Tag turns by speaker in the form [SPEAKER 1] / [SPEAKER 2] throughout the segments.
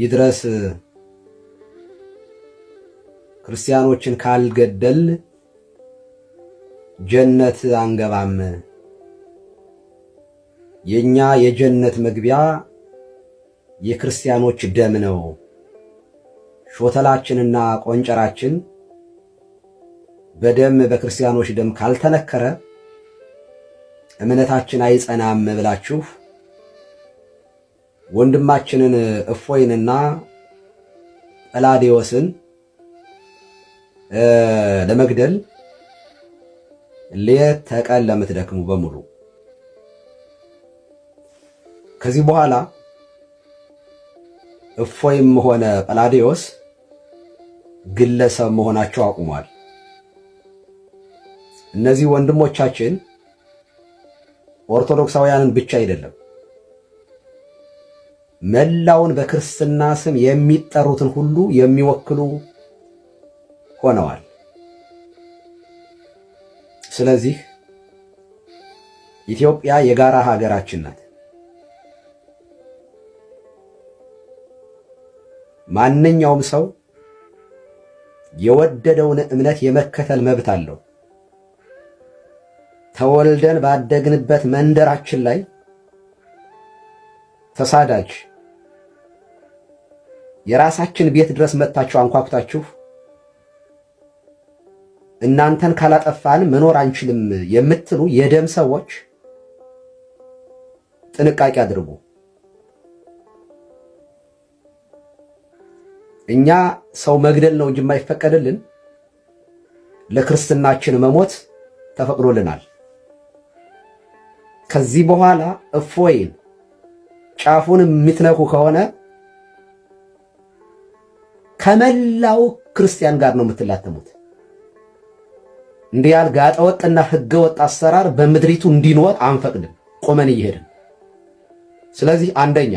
[SPEAKER 1] ይድረስ ክርስቲያኖችን ካልገደል ጀነት አንገባም። የኛ የጀነት መግቢያ የክርስቲያኖች ደም ነው። ሾተላችንና ቆንጨራችን በደም በክርስቲያኖች ደም ካልተነከረ እምነታችን አይጸናም ብላችሁ ወንድማችንን እፎይንና ጵላዴዎስን ለመግደል ሌት ተቀን ለምትደክሙ በሙሉ ከዚህ በኋላ እፎይም ሆነ ጵላዴዎስ ግለሰብ መሆናቸው አቁሟል። እነዚህ ወንድሞቻችን ኦርቶዶክሳውያንን ብቻ አይደለም መላውን በክርስትና ስም የሚጠሩትን ሁሉ የሚወክሉ ሆነዋል። ስለዚህ ኢትዮጵያ የጋራ ሀገራችን ናት። ማንኛውም ሰው የወደደውን እምነት የመከተል መብት አለው። ተወልደን ባደግንበት መንደራችን ላይ ተሳዳጅ የራሳችን ቤት ድረስ መጥታችሁ አንኳኩታችሁ እናንተን ካላጠፋን መኖር አንችልም የምትሉ የደም ሰዎች ጥንቃቄ አድርጉ። እኛ ሰው መግደል ነው እንጂ የማይፈቀድልን ለክርስትናችን መሞት ተፈቅዶልናል። ከዚህ በኋላ እፎይን ጫፉን የምትነኩ ከሆነ ከመላው ክርስቲያን ጋር ነው የምትላተሙት። እንዲህ ያለ ጋጠ ወጥና ወጥ አሰራር በምድሪቱ እንዲኖር አንፈቅድም፣ ቆመን እየሄድን። ስለዚህ አንደኛ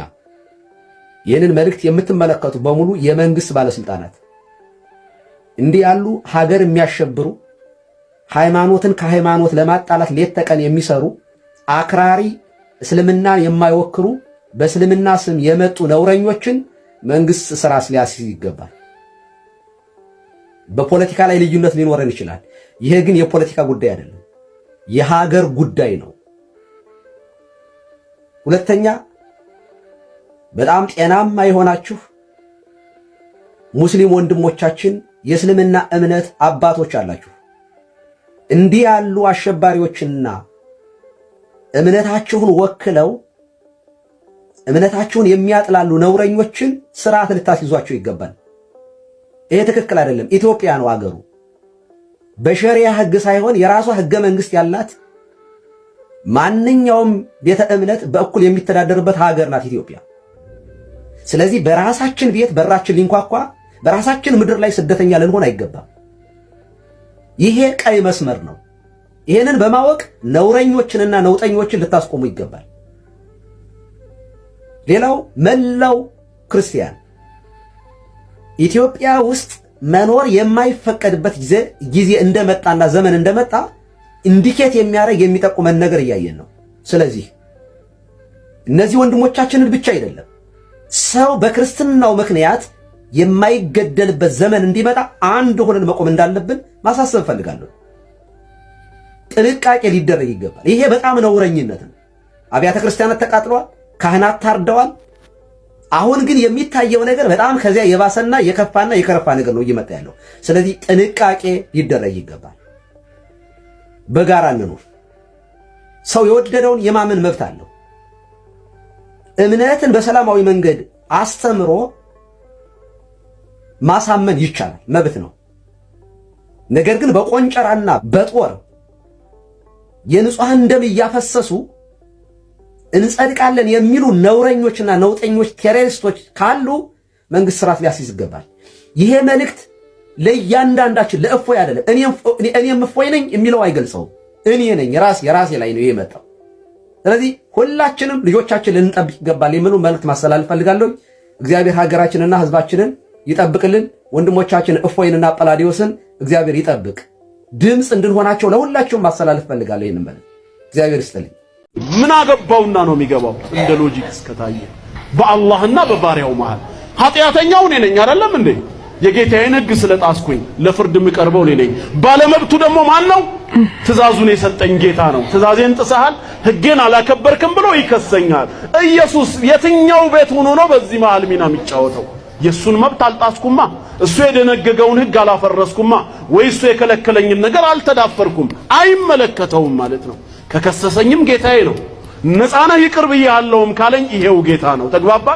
[SPEAKER 1] ይህንን መልእክት የምትመለከቱ በሙሉ የመንግስት ባለስልጣናት እንዲህ ያሉ ሀገር የሚያሸብሩ ሃይማኖትን ከሃይማኖት ለማጣላት ሌት ተቀን የሚሰሩ አክራሪ እስልምና የማይወክሩ በእስልምና ስም የመጡ ነውረኞችን መንግስት ስራ ሊያስይዝ ይገባል። በፖለቲካ ላይ ልዩነት ሊኖረን ይችላል። ይሄ ግን የፖለቲካ ጉዳይ አይደለም፣ የሀገር ጉዳይ ነው። ሁለተኛ በጣም ጤናማ የሆናችሁ ሙስሊም ወንድሞቻችን የእስልምና እምነት አባቶች አላችሁ። እንዲህ ያሉ አሸባሪዎችና እምነታችሁን ወክለው እምነታችሁን የሚያጥላሉ ነውረኞችን ስርዓት ልታስይዟቸው ይገባል። ይሄ ትክክል አይደለም። ኢትዮጵያ ነው አገሩ። በሸሪያ ህግ ሳይሆን የራሷ ህገ መንግስት ያላት ማንኛውም ቤተ እምነት በእኩል የሚተዳደርበት ሀገር ናት ኢትዮጵያ። ስለዚህ በራሳችን ቤት በራችን ሊንኳኳ፣ በራሳችን ምድር ላይ ስደተኛ ልንሆን አይገባም። ይሄ ቀይ መስመር ነው። ይሄንን በማወቅ ነውረኞችንና ነውጠኞችን ልታስቆሙ ይገባል። ሌላው መላው ክርስቲያን ኢትዮጵያ ውስጥ መኖር የማይፈቀድበት ጊዜ እንደመጣና ዘመን እንደመጣ ኢንዲኬት የሚያደርግ የሚጠቁመን ነገር እያየን ነው። ስለዚህ እነዚህ ወንድሞቻችንን ብቻ አይደለም ሰው በክርስትናው ምክንያት የማይገደልበት ዘመን እንዲመጣ አንድ ሆነን መቆም እንዳለብን ማሳሰብ እፈልጋለሁ። ጥንቃቄ ሊደረግ ይገባል። ይሄ በጣም ነውረኝነት ነው። አብያተ ክርስቲያናት ተቃጥለዋል። ካህናት ታርደዋል። አሁን ግን የሚታየው ነገር በጣም ከዚያ የባሰና የከፋና የከረፋ ነገር ነው እየመጣ ያለው። ስለዚህ ጥንቃቄ ሊደረግ ይገባል። በጋራ እንኖር። ሰው የወደደውን የማመን መብት አለው። እምነትን በሰላማዊ መንገድ አስተምሮ ማሳመን ይቻላል፣ መብት ነው። ነገር ግን በቆንጨራና በጦር የንጹሐን ደም እያፈሰሱ እንጸድቃለን የሚሉ ነውረኞችና ነውጠኞች ቴሮሪስቶች ካሉ መንግስት ስርዓት ሊያስይዝ ይገባል። ይሄ መልእክት ለእያንዳንዳችን ለእፎይ አይደለም። እኔም እፎይ ነኝ የሚለው አይገልጸውም። እኔ ነኝ የራሴ የራሴ ላይ ነው ይሄ ስለዚህ ሁላችንም ልጆቻችን ልንጠብቅ ይገባል የሚሉ መልእክት ማስተላለፍ ፈልጋለሁ። እግዚአብሔር ሀገራችንና ህዝባችንን ይጠብቅልን። ወንድሞቻችን እፎይንና ጳላዲዮስን እግዚአብሔር ይጠብቅ። ድምፅ እንድንሆናቸው ለሁላችሁም ማስተላለፍ ፈልጋለሁ። ይህን መልእክት እግዚአብሔር ይስጥልኝ።
[SPEAKER 2] ምን አገባውና ነው የሚገባው? እንደ ሎጂክ እስከታየ በአላህና በባሪያው መሃል ኃጢአተኛው እኔ ነኝ አይደለም እንዴ? የጌታዬን ሕግ ስለጣስኩኝ ለፍርድ የምቀርበው እኔ ነኝ። ባለመብቱ ደግሞ ማን ነው? ትእዛዙን የሰጠኝ ጌታ ነው። ትእዛዜን ጥሰሃል፣ ሕጌን አላከበርክም ብሎ ይከሰኛል። ኢየሱስ የትኛው ቤት ሆኖ ነው በዚህ መሃል ሚና የሚጫወተው? የእሱን መብት አልጣስኩማ፣ እሱ የደነገገውን ሕግ አላፈረስኩማ፣ ወይ እሱ የከለከለኝን ነገር አልተዳፈርኩም። አይመለከተውም ማለት ነው። ከከሰሰኝም ጌታዬ ነው። ነፃነህ ይቅር ብያለሁም ካለኝ ይሄው ጌታ ነው። ተግባባ።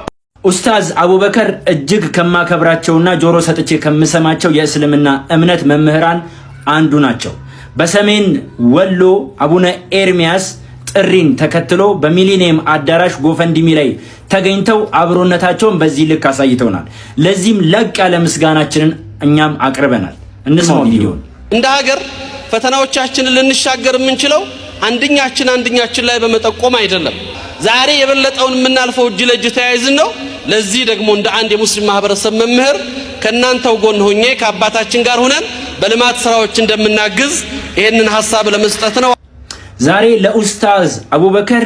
[SPEAKER 3] ኡስታዝ አቡበከር እጅግ ከማከብራቸውና ጆሮ ሰጥቼ ከምሰማቸው የእስልምና እምነት መምህራን አንዱ ናቸው። በሰሜን ወሎ አቡነ ኤርሚያስ ጥሪን ተከትሎ በሚሊኒየም አዳራሽ ጎፈንድሚ ላይ ተገኝተው አብሮነታቸውን በዚህ ልክ አሳይተውናል። ለዚህም ለቅ ያለ ምስጋናችንን እኛም አቅርበናል። እንስማው።
[SPEAKER 4] እንደ ሀገር ፈተናዎቻችንን ልንሻገር የምንችለው አንደኛችን አንደኛችን ላይ በመጠቆም አይደለም። ዛሬ የበለጠውን የምናልፈው እጅ ለእጅ ተያይዝን ነው። ለዚህ ደግሞ እንደ አንድ የሙስሊም ማህበረሰብ መምህር ከእናንተው ጎን ሆኜ ከአባታችን ጋር ሆነን በልማት ስራዎች እንደምናግዝ ይህንን ሀሳብ ለመስጠት ነው።
[SPEAKER 5] ዛሬ ለኡስታዝ አቡበከር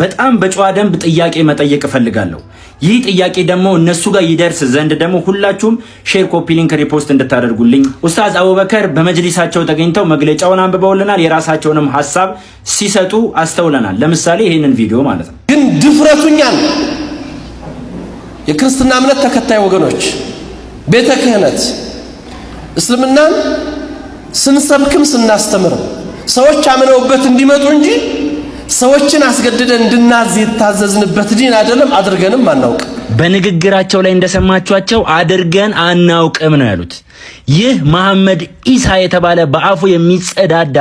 [SPEAKER 5] በጣም በጨዋ ደንብ ጥያቄ መጠየቅ እፈልጋለሁ። ይህ ጥያቄ ደግሞ እነሱ ጋር ይደርስ ዘንድ ደግሞ ሁላችሁም ሼር፣ ኮፒ ሊንክ፣ ሪፖስት እንድታደርጉልኝ። ኡስታዝ አቡበከር በመጅሊሳቸው ተገኝተው መግለጫውን አንብበውልናል። የራሳቸውንም ሀሳብ ሲሰጡ አስተውለናል። ለምሳሌ ይህንን ቪዲዮ ማለት ነው።
[SPEAKER 6] ግን ድፍረቱኛል የክርስትና እምነት ተከታይ ወገኖች ቤተ ክህነት እስልምናን ስንሰብክም ስናስተምርም ሰዎች አምነውበት እንዲመጡ እንጂ ሰዎችን አስገድደን እንድናዝ የታዘዝንበት ዲን አይደለም። አድርገንም አናውቅ።
[SPEAKER 7] በንግግራቸው ላይ እንደሰማችኋቸው አድርገን አናውቅም ነው ያሉት። ይህ መሐመድ ኢሳ የተባለ በአፉ የሚጸዳዳ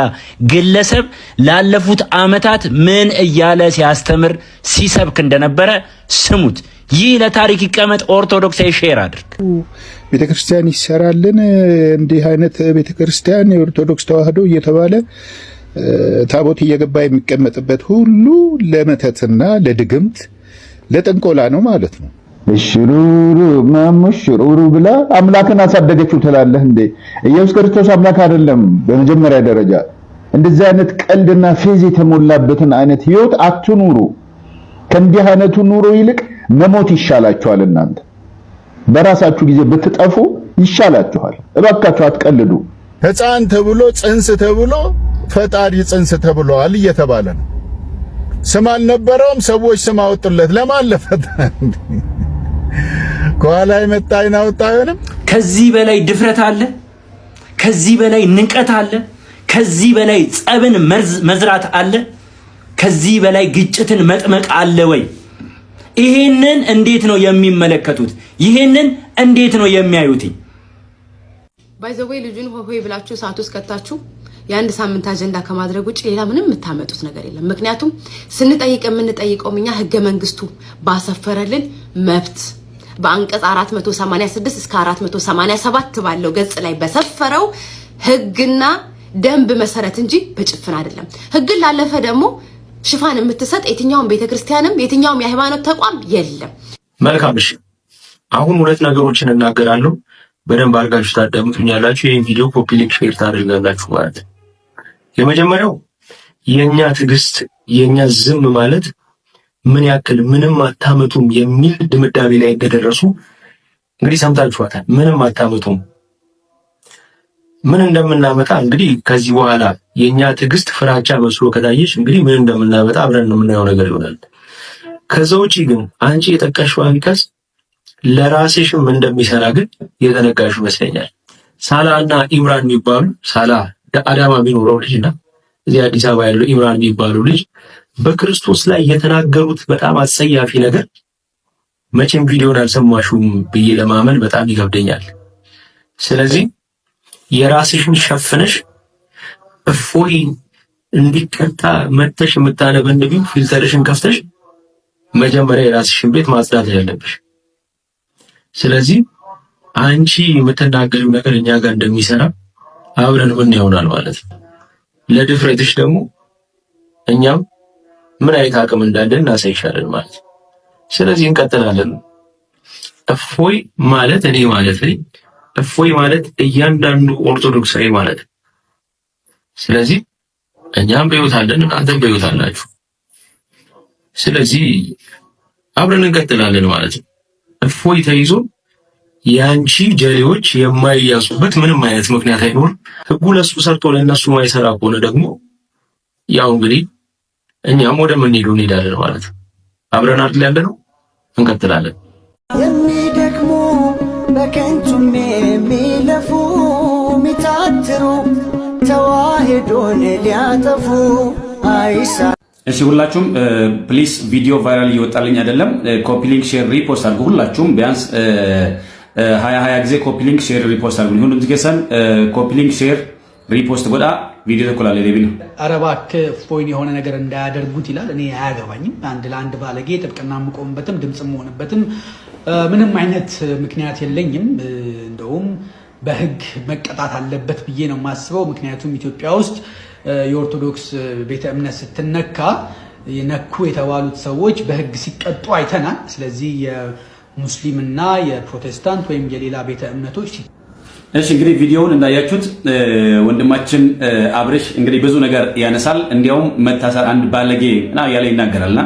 [SPEAKER 7] ግለሰብ ላለፉት ዓመታት ምን እያለ ሲያስተምር ሲሰብክ እንደነበረ ስሙት። ይህ ለታሪክ ይቀመጥ። ኦርቶዶክስ ሼር አድርግ።
[SPEAKER 8] ቤተ ክርስቲያን ይሰራልን እንዲህ አይነት ቤተ ክርስቲያን የኦርቶዶክስ ተዋህዶ እየተባለ ታቦት እየገባ የሚቀመጥበት ሁሉ ለመተትና ለድግምት ለጥንቆላ ነው ማለት ነው።
[SPEAKER 9] ሽሩሩ ማሙሽሩሩ ብላ አምላክን አሳደገችው ትላለህ እንዴ? ኢየሱስ ክርስቶስ አምላክ አይደለም። በመጀመሪያ ደረጃ እንደዚህ አይነት ቀልድና ፌዝ የተሞላበትን አይነት ህይወት አትኑሩ። ከእንዲህ አይነቱ ኑሮ ይልቅ መሞት ይሻላችኋል። እናንተ በራሳችሁ ጊዜ ብትጠፉ ይሻላችኋል። እባካችሁ አትቀልዱ።
[SPEAKER 10] ሕፃን ተብሎ ጽንስ ተብሎ ፈጣሪ ጽንስ ተብለዋል እየተባለ ነው። ስም አልነበረውም፣ ሰዎች ስም አወጡለት። ለማን ለፈጣ ከኋላ የመጣ አይን አወጣ አይሆንም።
[SPEAKER 7] ከዚህ በላይ ድፍረት አለ? ከዚህ በላይ ንቀት አለ? ከዚህ በላይ ጸብን መዝራት አለ? ከዚህ በላይ ግጭትን መጥመቅ አለ ወይ? ይሄንን እንዴት ነው የሚመለከቱት? ይሄንን እንዴት ነው የሚያዩትኝ?
[SPEAKER 11] ባይዘወይ ልጁን ሆሆይ ብላችሁ ሰዓት ውስጥ ከታችሁ የአንድ ሳምንት አጀንዳ ከማድረግ ውጭ ሌላ ምንም የምታመጡት ነገር የለም። ምክንያቱም ስንጠይቅ የምንጠይቀውም እኛ ህገ መንግስቱ ባሰፈረልን መብት በአንቀጽ 486 እስከ 487 ባለው ገጽ ላይ በሰፈረው ህግና ደንብ መሰረት እንጂ በጭፍን አይደለም። ህግን ላለፈ ደግሞ ሽፋን የምትሰጥ የትኛውም ቤተክርስቲያንም የትኛውም የሃይማኖት ተቋም የለም።
[SPEAKER 2] መልካም። እሺ አሁን ሁለት ነገሮችን እናገራለሁ። በደንብ አድርጋችሁ ታዳምጡኛላችሁ። ይህን ቪዲዮ ኮፒ ሊንክ ሼር ታደርጋላችሁ ማለት ነው። የመጀመሪያው የእኛ ትዕግስት የእኛ ዝም ማለት ምን ያክል ምንም አታመጡም የሚል ድምዳሜ ላይ እንደደረሱ እንግዲህ ሰምታችኋታል። ምንም አታመጡም ምን እንደምናመጣ እንግዲህ ከዚህ በኋላ የእኛ ትዕግስት ፍራቻ መስሎ ከታየች እንግዲህ ምን እንደምናመጣ አብረን የምናየው ነገር ይሆናል። ከዛ ውጪ ግን አንቺ የጠቀሽው አንቀጽ ለራስሽም እንደሚሰራ ግን የተነጋሽ ይመስለኛል። ሳላ እና ኢምራን የሚባሉ ሳላ አዳማ የሚኖረው ልጅ እና እዚህ አዲስ አበባ ያለው ኢምራን የሚባሉ ልጅ በክርስቶስ ላይ የተናገሩት በጣም አጸያፊ ነገር መቼም ቪዲዮን አልሰማሽውም ብዬ ለማመን በጣም ይከብደኛል። ስለዚህ የራስሽን ሸፍነሽ እፎይ እንዲቀጣ መተሽ የምታነበንቢው ፊልተርሽን ከፍተሽ መጀመሪያ የራስሽን ቤት ማጽዳት ያለብሽ ስለዚህ አንቺ የምትናገሪው ነገር እኛ ጋር እንደሚሰራ አብረን ምን ይሆናል ማለት ነው። ለድፍረትሽ ደግሞ እኛም ምን አይነት አቅም እንዳለን እናሳይሻለን ማለት ነው። ስለዚህ እንቀጥላለን። እፎይ ማለት እኔ ማለት ነኝ። እፎይ ማለት እያንዳንዱ ኦርቶዶክሳዊ ማለት ነው። ስለዚህ እኛም በሕይወት አለን፣ እናንተም በሕይወት አላችሁ። ስለዚህ አብረን እንቀጥላለን ማለት ነው። እፎይ ተይዞ የአንቺ ጀሌዎች የማይያዙበት ምንም አይነት ምክንያት አይኖርም። ህጉ ለሱ ሰርቶ ለእነሱ ማይሰራ ከሆነ ደግሞ ያው እንግዲህ እኛም ወደ ምን ሄዱ እንሄዳለን ማለት ነው። አብረን አድል ያለ ነው እንቀጥላለን።
[SPEAKER 12] የሚደክሙ በከንቱም የሚለፉ ሚታትሩ ተዋህዶን ሊያጠፉ አይሳ
[SPEAKER 13] እሺ ሁላችሁም ፕሊስ ቪዲዮ ቫይራል እየወጣልኝ አይደለም። ኮፒ ሊንክ ሼር ሪፖስት አድርጉ። ሁላችሁም ቢያንስ ሀያ ሀያ ጊዜ ኮፒ ሊንክ ሼር ሪፖስት አድርጉ። ሁሉም ትገሰን ኮፒ ሊንክ ሼር ሪፖስት ጎዳ ቪዲዮ ተኮላለ ለቢል
[SPEAKER 14] አረባክ ፎይን የሆነ ነገር እንዳያደርጉት ይላል። እኔ አያገባኝም። አንድ ለአንድ ባለጌ ጥብቅና የምቆምበትም ድምፅ የምሆንበትም ምንም አይነት ምክንያት የለኝም። እንደውም በህግ መቀጣት አለበት ብዬ ነው የማስበው። ምክንያቱም ኢትዮጵያ ውስጥ የኦርቶዶክስ ቤተ እምነት ስትነካ ነኩ የተባሉት ሰዎች በህግ ሲቀጡ አይተናል። ስለዚህ የሙስሊምና የፕሮቴስታንት ወይም የሌላ ቤተ እምነቶች
[SPEAKER 15] እሺ እንግዲህ ቪዲዮውን እንዳያችሁት ወንድማችን አብርሽ እንግዲህ ብዙ ነገር ያነሳል። እንዲያውም መታሰር አንድ ባለጌ ና ያለ ይናገራልና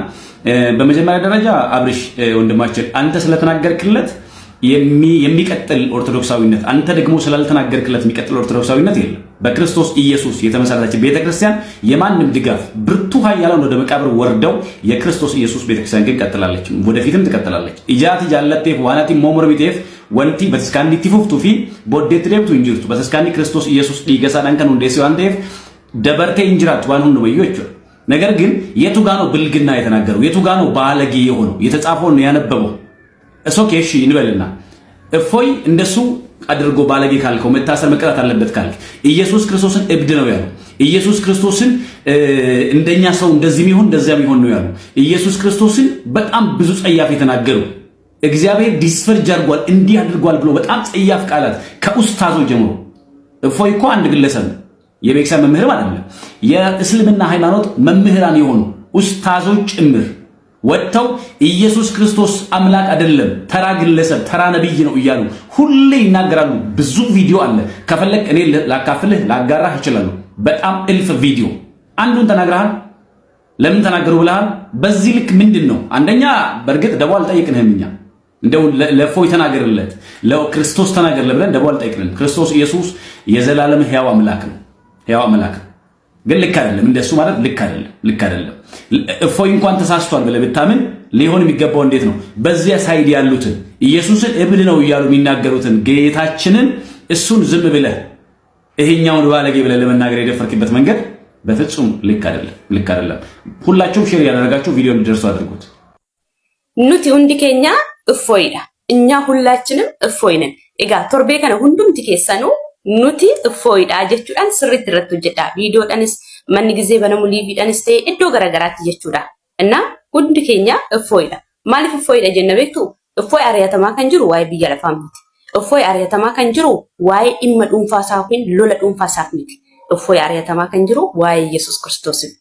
[SPEAKER 15] በመጀመሪያ ደረጃ አብርሽ ወንድማችን አንተ ስለተናገርክለት የሚቀጥል ኦርቶዶክሳዊነት አንተ ደግሞ ስላልተናገርክለት የሚቀጥል ኦርቶዶክሳዊነት የለም። በክርስቶስ ኢየሱስ የተመሰረተች ቤተ ክርስቲያን የማንም ድጋፍ ብርቱ ኃያላን ወደ መቃብር ወርደው የክርስቶስ ኢየሱስ ቤተ ክርስቲያን ግን ቀጥላለች፣ ወደፊትም ትቀጥላለች። እጃት ጃለቴፍ ዋናቲ ሞሞርሚቴፍ ወንቲ በተስካንዲ ቲፉፍቱ ፊ ቦዴት ሌብቱ እንጅርቱ በተስካንዲ ክርስቶስ ኢየሱስ ሊገሳ ዳንከን ሲዋን ሲዋንቴፍ ደበርቴ እንጅራት ዋን ሁንዱ በዮቹ ነገር ግን የቱ ጋ ነው ብልግና የተናገረው? የቱ ጋ ነው ባለጌ የሆነው? የተጻፈውን ነው ያነበበው። እሶ እሺ እንበልና እፎይ እንደሱ አድርጎ ባለጌ ካልከው መታሰር መቀጣት አለበት ካልክ ኢየሱስ ክርስቶስን እብድ ነው ያለው። ኢየሱስ ክርስቶስን እንደኛ ሰው እንደዚህ የሚሆን እንደዚያም ይሆን ነው ያለው። ኢየሱስ ክርስቶስን በጣም ብዙ ጸያፍ የተናገሩ እግዚአብሔር ዲስፈርጅ አድርጓል እንዲህ አድርጓል ብሎ በጣም ጸያፍ ቃላት ከኡስታዞ ጀምሮ እፎይ እኮ አንድ ግለሰብ የቤክሳ መምህርም አይደለም። የእስልምና ሃይማኖት መምህራን የሆኑ ኡስታዞች ጭምር ወጥተው ኢየሱስ ክርስቶስ አምላክ አይደለም፣ ተራ ግለሰብ፣ ተራ ነቢይ ነው እያሉ ሁሌ ይናገራሉ። ብዙ ቪዲዮ አለ። ከፈለግ እኔ ላካፍልህ ላጋራህ ይችላሉ። በጣም እልፍ ቪዲዮ። አንዱን ተናግረሃል። ለምን ተናገሩ ብለሃል። በዚህ ልክ ምንድን ነው? አንደኛ በእርግጥ ደቡ አልጠየቅንህም እኛ እንደው ለእፎይ ተናገርለት ለክርስቶስ ተናገርለ ብለን ደቡ አልጠይቅንም። ክርስቶስ ኢየሱስ የዘላለም ሕያው አምላክ ነው፣ ሕያው አምላክ ግን ልክ አይደለም። እንደሱ ማለት ልክ አይደለም፣ ልክ አይደለም። እፎይ እንኳን ተሳስቷል ብለህ ብታምን ሊሆን የሚገባው እንዴት ነው? በዚያ ሳይድ ያሉትን ኢየሱስን እብል ነው እያሉ የሚናገሩትን ጌታችንን እሱን ዝም ብለህ ይሄኛውን ባለጌ ብለህ ለመናገር የደፈርክበት መንገድ በፍጹም ልክ አይደለም፣ ልክ አይደለም። ሁላችሁም ሼር ያደረጋችሁ ቪዲዮ እንዲደርሱ አድርጉት።
[SPEAKER 16] ኑቲ ሁንዲ ኬኛ እፎይዳ እኛ ሁላችንም እፎይ ነን። ኢጋ ቶርቤ ከነ ሁንዱም ቲኬሰኑ nuti foyidha jechuudhaan sirriitti irratti hojjedha. Viidiyoodhaanis manni gizee banamu liiviidhaanis ta'ee iddoo garaagaraatti jechuudha. Innaa hundi keenya foyidha. Maaliif foyidha jenna beektu? Foyi ari'atamaa kan jiru waa'ee biyya lafaa miti. Foyi ari'atamaa kan jiru waa'ee dhimma dhuunfaasaa yookiin lola dhuunfaa dhuunfaasaaf miti. Foyi ari'atamaa kan jiru waa'ee Yesuus Kiristoosiif.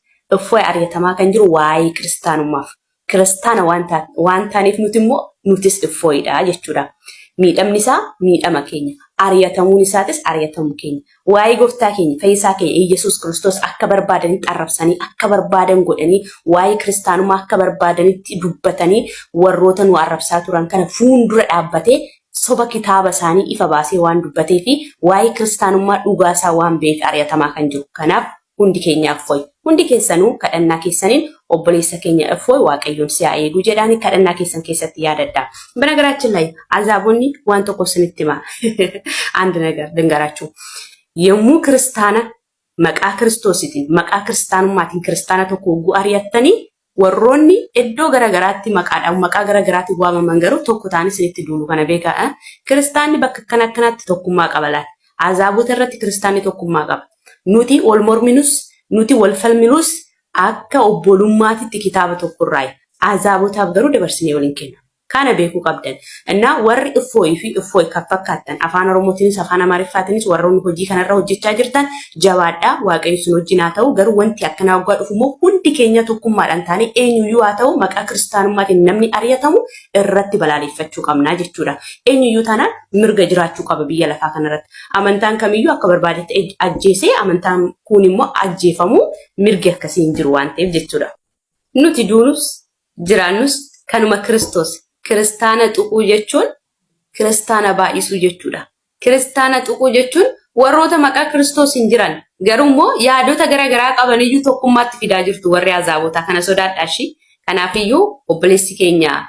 [SPEAKER 16] Foyi ari'atamaa kan jiru waa'ee kiristaanummaaf. Kiristaana waan taaneef nuti immoo nutis foyidha jechuudha. miidhamni isaa miidhama keenya ari'atamuun isaatis ari'atamuu keenya waa'ee gooftaa keenya fayyisaa keenya Iyyasuus Kiristoos akka barbaadanitti arrabsanii akka barbaadan godhanii waa'ee kiristaanummaa akka barbaadanitti dubbatanii warroota nu arrabsaa turan kana fuundura dhaabbatee soba kitaaba isaanii ifa baasee waan dubbatee fi waa'ee kiristaanummaa dhugaasaa waan beef ari'atamaa kan jiru kanaaf hundi keenyaaf fayyu. hundi keessanuu kadhannaa keessaniin obboleessa keenya ifoo waaqayyoon si'a eeguu jedhaani kadhannaa keessan keessatti yaadadha. Bana በነገራችን laayi azaabonni waan tokko sinitti ማ አንድ nagar dangaraachuu. Yommuu kiristaana maqaa kiristoositiin maqaa kiristaanummaatiin kiristaana tokko ጉ አርያተኒ ወሮኒ እዶ ገረገራቲ መቃዳ መቃ ገረገራቲ waamaman garuu tokko ta'anii ታኒ ስንት kana beekaa. Kiristaanni bakka በከ akkanaatti tokkummaa qabalat አዛቡ ተረት kiristaanni tokkummaa qaba nuti wal morminus nuti wal falminuus akka obbolummaatitti kitaaba tokkorraa azaabootaaf garuu dabarsinee waliin kenna. ካነ ቤኩ ቀብደን እና ወሪ እፎይ ፊ እፎይ ከፈካተን አፋን ኦሮሞቲንስ አፋን አማሪፋቲንስ ወሮን ሆጂ ከነራ ሆጂቻ ጅርታን ጀባዳ ዋቀኝ ስን ናተው ገሩ ወንቲ ያከናጓ ዱፉሞ ሁንዲ ኬኛ ቶኩማዳን ታኔ ኤኙዩ ዋተው መቃ ክርስቲያኑማት ነምኒ አርያተሙ እረት በላሊፈቹ ቀምና ጀቹዳ ኤኙዩ ታና ምርገ ጅራቹ ቀበ ብየ ከነረት አመንታን ከሚዩ አከበርባደት አጄሴ አመንታን ኩኒሞ አጄፈሙ ምርገ ከሲን ጅሩ ዋንቴፍ ኑቲ ዱኑስ ጅራኑስ ከኑማ ክርስቶስ kiristaana tuquu jechuun kiristaana baay'isuu jechuudha. Kiristaana tuquu jechuun warroota maqaa kiristoos hin jiran garuu immoo yaadota garaagaraa qabaniyyuu tokkummaatti fidaa jirtu warri azaabotaa kana sodaadhaashi. Kanaafiyyuu obboleessi keenya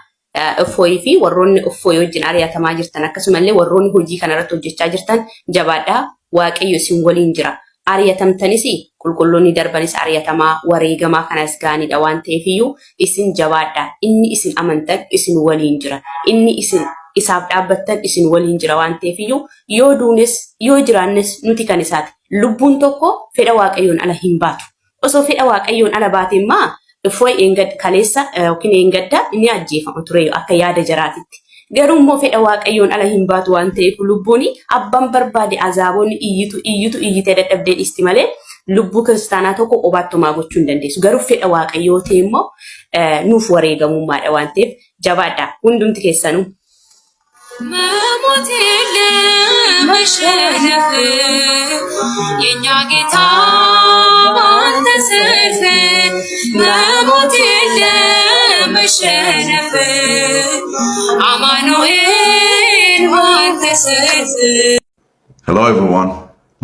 [SPEAKER 16] Iffooyii fi warroonni Iffooyii wajjin ari'atamaa jirtan akkasumallee warroonni hojii kanarratti hojjechaa jirtan jabaadhaa Waaqayyo isin waliin jira. Ari'atamtanis qulqulloonni darbanis ari'atamaa wareegamaa kanas gaaniidha waan ta'eefiyyuu isin jabaadha. Inni isin amantan isin waliin jira. Inni isin isaaf dhaabbattan isin waliin jira waan ta'eefiyyuu yoo duunes yoo jiraannes nuti kan isaati. Lubbuun tokko fedha waaqayyoon ala hin baatu. Osoo fedha waaqayyoon ala baate immaa ifooi kaleessa yookiin eengaddaa ni ajjeefama ture akka yaada jaraatitti. Garuu immoo fedha waaqayyoon ala hin baatu waan ta'eef lubbuun abbaan barbaade azaaboonni iyyitu iyyitee dadhabdeen isti malee. lubbuu kiristaanaa tokko obaattomaa gochuu hin dandeessu. Garuu fedha waaqayyoo ta'e immoo nuuf wareegamummaadha waan ta'eef jabaadha hundumti keessanuu.
[SPEAKER 17] መሞት የለም መሸነፍ የእኛ ጌታ ባንተ ሰልፍ መሞት የለም መሸነፍ አማኑኤል ባንተ ሰልፍ
[SPEAKER 18] Hello everyone,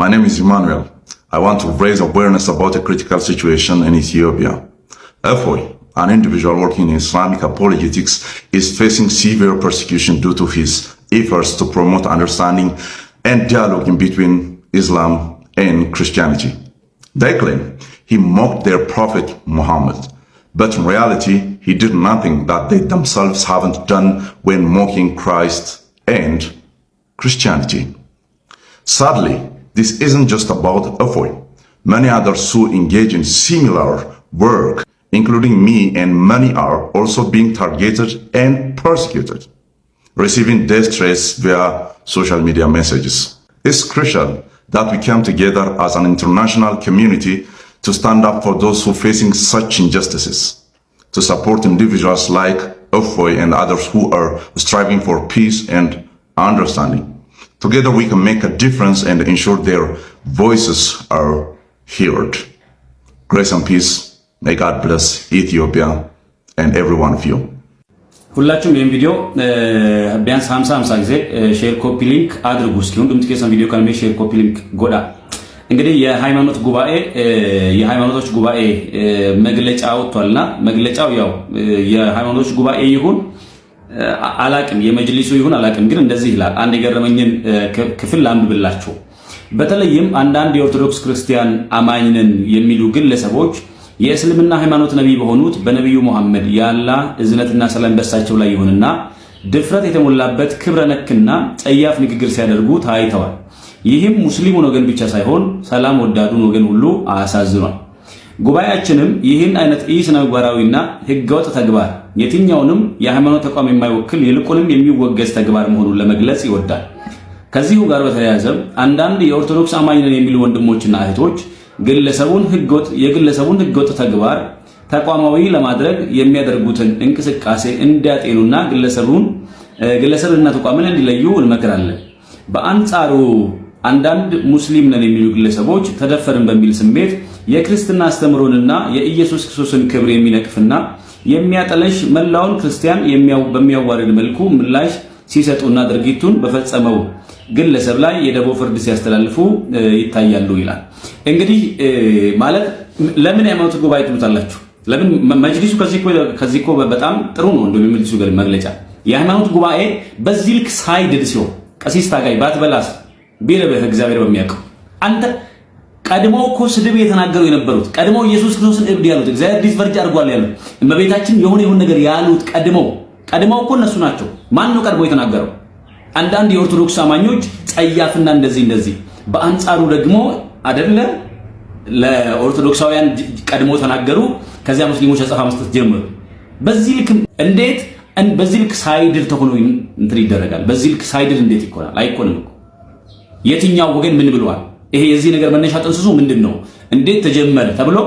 [SPEAKER 18] my name is Emmanuel. I want to raise awareness about a critical situation in Ethiopia. Therefore, an individual working in Islamic apologetics is facing severe persecution due to his efforts to promote understanding and dialogue in between Islam and Christianity. They claim he mocked their prophet Muhammad, but in reality, he did nothing that they themselves haven't done when mocking Christ and Christianity. Sadly, this isn't just about Afoy. Many others who engage in similar work, including me and many are also being targeted and persecuted, receiving death threats via social media messages. It's crucial that we come together as an international community to stand up for those who are facing such injustices, to support individuals like Ofoy and others who are striving for peace and understanding. Together we can make a difference and ensure their voices are heard. Grace and peace. May God bless Ethiopia and every one of you.
[SPEAKER 2] ሁላችሁም ይህን ቪዲዮ ቢያንስ 50 50 ጊዜ ሼር ኮፒ ሊንክ አድርጉ። እስኪ ሁንዱም ትኬሰን ቪዲዮ ከልሜ ሼር ኮፒ ሊንክ ጎዳ እንግዲህ የሃይማኖት ጉባኤ የሃይማኖቶች ጉባኤ መግለጫ ወጥቷልና መግለጫው ያው የሃይማኖቶች ጉባኤ ይሁን አላቅም የመጅሊሱ ይሁን አላቅም፣ ግን እንደዚህ ይላል። አንድ የገረመኝን ክፍል ላንብብላችሁ። በተለይም አንዳንድ የኦርቶዶክስ ክርስቲያን አማኝነን የሚሉ ግለሰቦች የእስልምና ሃይማኖት ነቢይ በሆኑት በነቢዩ መሐመድ ያላ እዝነትና ሰላም በሳቸው ላይ ይሁንና ድፍረት የተሞላበት ክብረ ነክና ጸያፍ ንግግር ሲያደርጉ ታይተዋል። ይህም ሙስሊሙን ወገን ብቻ ሳይሆን ሰላም ወዳዱን ወገን ሁሉ አሳዝኗል። ጉባኤያችንም ይህን አይነት ኢ ህገወጥ ተግባር የትኛውንም የሃይማኖት ተቋም የማይወክል ይልቁንም የሚወገዝ ተግባር መሆኑን ለመግለጽ ይወዳል። ከዚሁ ጋር በተያያዘ አንዳንድ የኦርቶዶክስ አማኝ ነን የሚሉ ወንድሞችና እህቶች የግለሰቡን ህገወጥ ተግባር ተቋማዊ ለማድረግ የሚያደርጉትን እንቅስቃሴ እንዲያጤኑና ግለሰብንና ተቋምን እንዲለዩ እንመክራለን። በአንጻሩ አንዳንድ ሙስሊም ነን የሚሉ ግለሰቦች ተደፈርን በሚል ስሜት የክርስትና አስተምሮንና የኢየሱስ ክርስቶስን ክብር የሚነቅፍና የሚያጠለሽ መላውን ክርስቲያን በሚያዋርድ መልኩ ምላሽ ሲሰጡና ድርጊቱን በፈጸመው ግለሰብ ላይ የደቦ ፍርድ ሲያስተላልፉ ይታያሉ ይላል። እንግዲህ ማለት ለምን የሃይማኖት ጉባኤ ትሉታላችሁ? ለምን መጅሊሱ ከዚህ እኮ በጣም ጥሩ ነው። እንደውም የመጅሊሱ መግለጫ የሃይማኖት ጉባኤ በዚህ ልክ ሳይድድ ሲሆን ቀሲስ ታጋይ ባትበላስ ቢርብህ እግዚአብሔር በሚያውቀው አንተ ቀድሞው እኮ ስድብ እየተናገሩ የነበሩት ቀድሞው ኢየሱስ ክርስቶስን እብድ ያሉት እግዚአብሔር ዲስቨርጅ አድርጓል ያሉት እመቤታችን የሆነ የሆነ ነገር ያሉት ቀድሞው ቀድሞው እኮ እነሱ ናቸው። ማን ነው ቀድሞ የተናገረው? አንዳንድ የኦርቶዶክስ አማኞች ጸያፍና እንደዚህ እንደዚህ። በአንጻሩ ደግሞ አደለ ለኦርቶዶክሳውያን ቀድሞ ተናገሩ፣ ከዚያ ሙስሊሞች አጸፋ መስጠት ጀመሩ። በዚህ ልክ እንዴት በዚህ ልክ ሳይድል ተሆኖ እንትን ይደረጋል? በዚህ ልክ ሳይድል እንዴት ይኮናል? አይኮንም የትኛው ወገን ምን ብለዋል? ይሄ የዚህ ነገር መነሻ ጥንስሱ ምንድን ነው? እንዴት ተጀመረ ተብሎ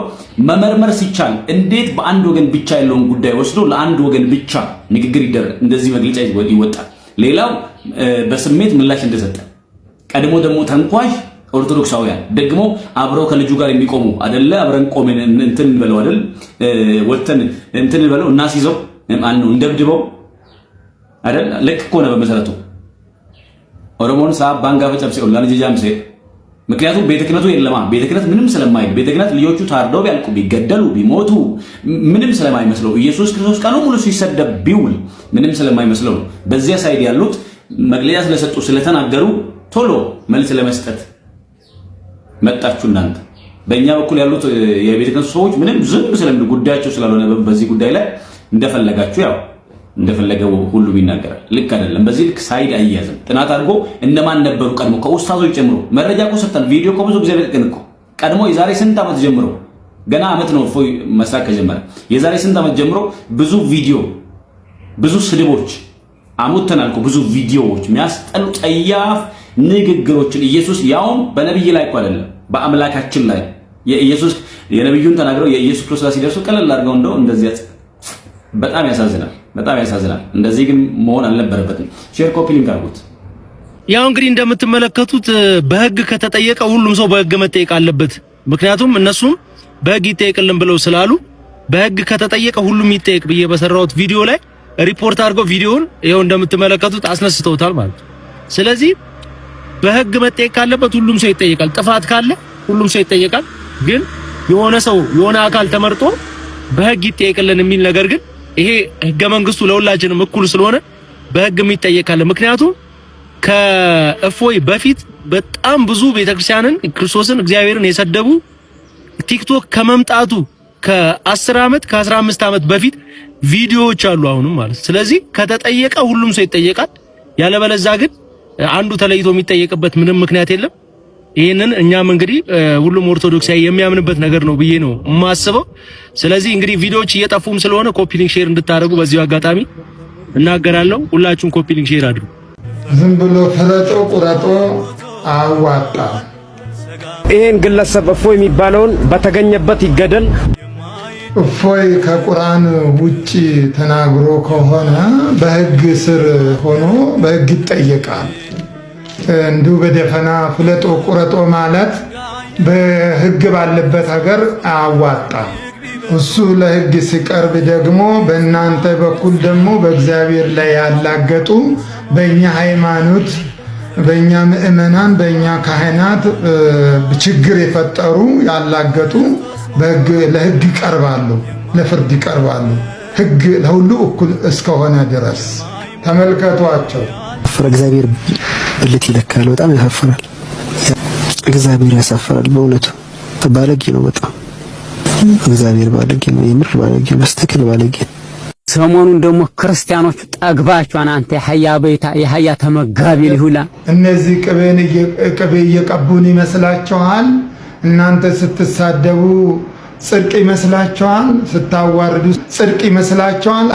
[SPEAKER 2] መመርመር ሲቻል እንዴት በአንድ ወገን ብቻ ያለውን ጉዳይ ወስዶ ለአንድ ወገን ብቻ ንግግር ይደረግ፣ እንደዚህ መግለጫ ይወጣል። ሌላው በስሜት ምላሽ እንደሰጠ ቀድሞ ደግሞ ተንኳሽ ኦርቶዶክሳውያን ደግሞ አብረው ከልጁ ጋር የሚቆሙ አደለ፣ አብረን ቆመን እንትን እንበለው አደል፣ ወተን እንትን እንበለው እናስይዘው፣ ማነው እንደብድበው አደል። ልክ እኮ ነው በመሰረቱ ኦሮሞን ሳ ባንጋ ፈጨብሴ ኦላን ጀጃምሴ ምክንያቱም ቤተ ክህነቱ የለማ ቤተ ክህነት ምንም ስለማይ ቤተ ክህነት ልጆቹ ታርደው ቢያልቁ ቢገደሉ ቢሞቱ ምንም ስለማይመስለው ኢየሱስ ክርስቶስ ቀኑ ሙሉ ሲሰደብ ቢውል ምንም ስለማይመስለው ነው። በዚያ ሳይድ ያሉት መግለጫ ስለሰጡ ስለተናገሩ ቶሎ መልስ ለመስጠት መጣችሁ እናንተ። በእኛ በኩል ያሉት የቤተ ክህነቱ ሰዎች ምንም ዝም ስለሚሉ ጉዳያቸው ስላልሆነ በዚህ ጉዳይ ላይ እንደፈለጋችሁ ያው እንደፈለገ ሁሉ ይናገራል። ልክ አይደለም። በዚህ ልክ ሳይድ አያያዝም። ጥናት አድርጎ እነማን ነበሩ ቀድሞ ከኡስታዞች ጀምሮ መረጃ እኮ ሰጥተን ቪዲዮ እኮ ብዙ ጊዜ ለቅን እኮ ቀድሞ የዛሬ ስንት ዓመት ጀምሮ ገና ዓመት ነው እፎይ መስራት ከጀመረ የዛሬ ስንት ዓመት ጀምሮ ብዙ ቪዲዮ ብዙ ስድቦች አሙተናል እኮ ብዙ ቪዲዮዎች የሚያስጠሉ ጸያፍ ንግግሮችን ኢየሱስ ያውም በነቢይ ላይ እኮ አይደለም በአምላካችን ላይ የኢየሱስ የነቢዩን ተናግረው የኢየሱስ ክርስቶስ ሲደርሱ ቀለል አድርገው እንደው እንደዚህ በጣም ያሳዝናል። በጣም ያሳዝናል። እንደዚህ ግን መሆን አልነበረበትም። ሼር ኮፒ ሊንክ አድርጉት። ያው እንግዲህ እንደምትመለከቱት በህግ ከተጠየቀ ሁሉም ሰው በህግ መጠየቅ አለበት። ምክንያቱም እነሱም በህግ ይጠየቅልን ብለው ስላሉ በህግ ከተጠየቀ ሁሉም ይጠየቅ ብዬ በሰራሁት ቪዲዮ ላይ ሪፖርት አድርገው ቪዲዮውን ይኸው እንደምትመለከቱት አስነስተውታል ማለት ነው። ስለዚህ በህግ መጠየቅ ካለበት ሁሉም ሰው ይጠየቃል። ጥፋት ካለ ሁሉም ሰው ይጠየቃል። ግን የሆነ ሰው የሆነ አካል ተመርጦ በህግ ይጠየቅልን የሚል ነገር ግን ይሄ ህገ መንግስቱ ለሁላችንም እኩል ስለሆነ በህግ የሚጠየቃል። ምክንያቱም ከእፎይ በፊት በጣም ብዙ ቤተክርስቲያንን፣ ክርስቶስን፣ እግዚአብሔርን የሰደቡ ቲክቶክ ከመምጣቱ ከ10 ዓመት ከ15 ዓመት በፊት ቪዲዮዎች አሉ አሁንም ማለት። ስለዚህ ከተጠየቀ ሁሉም ሰው ይጠየቃል። ያለበለዛ ግን አንዱ ተለይቶ የሚጠየቅበት ምንም ምክንያት የለም። ይህንን እኛም እንግዲህ ሁሉም ኦርቶዶክሳዊ የሚያምንበት ነገር ነው ብዬ ነው የማስበው። ስለዚህ እንግዲህ ቪዲዮዎች እየጠፉም ስለሆነ ኮፒሊንግ ሼር እንድታደርጉ በዚሁ አጋጣሚ እናገራለሁ። ሁላችሁም ኮፒሊንግ ሼር አድርጉ።
[SPEAKER 19] ዝም ብሎ ፍረጦ ቁረጦ አዋጣ።
[SPEAKER 2] ይሄን ግለሰብ እፎይ የሚባለውን በተገኘበት ይገደል።
[SPEAKER 19] እፎይ ከቁርአን ውጪ ተናግሮ ከሆነ በህግ ስር ሆኖ በህግ ይጠየቃል። እንዲሁ በደፈና ፍለጦ ቁረጦ ማለት በህግ ባለበት ሀገር አያዋጣም። እሱ ለህግ ሲቀርብ ደግሞ በእናንተ በኩል ደግሞ በእግዚአብሔር ላይ ያላገጡ በእኛ ሃይማኖት፣ በእኛ ምእመናን፣ በእኛ ካህናት ችግር የፈጠሩ ያላገጡ ለህግ ይቀርባሉ፣ ለፍርድ ይቀርባሉ። ህግ ለሁሉ እኩል እስከሆነ ድረስ ተመልከቷቸው።
[SPEAKER 20] ያሳፍራል። እግዚአብሔር ብልት ይለካል። በጣም ያሳፍራል። እግዚአብሔር ያሳፍራል። በእውነቱ ባለጌ ነው። በጣም እግዚአብሔር ባለጌ ነው። የምር ባለጌ ነው። በስተክል ባለጌ
[SPEAKER 21] ሰሞኑን ደግሞ ክርስቲያኖች ጠግባቸዋን አንተ የሀያ ቤታ የሀያ ተመጋቢ ሊሁላ
[SPEAKER 19] እነዚህ ቅቤን ቅቤ እየቀቡን ይመስላችኋል። እናንተ ስትሳደቡ ጽድቅ ይመስላችኋል። ስታዋርዱ ጽድቅ ይመስላችኋል።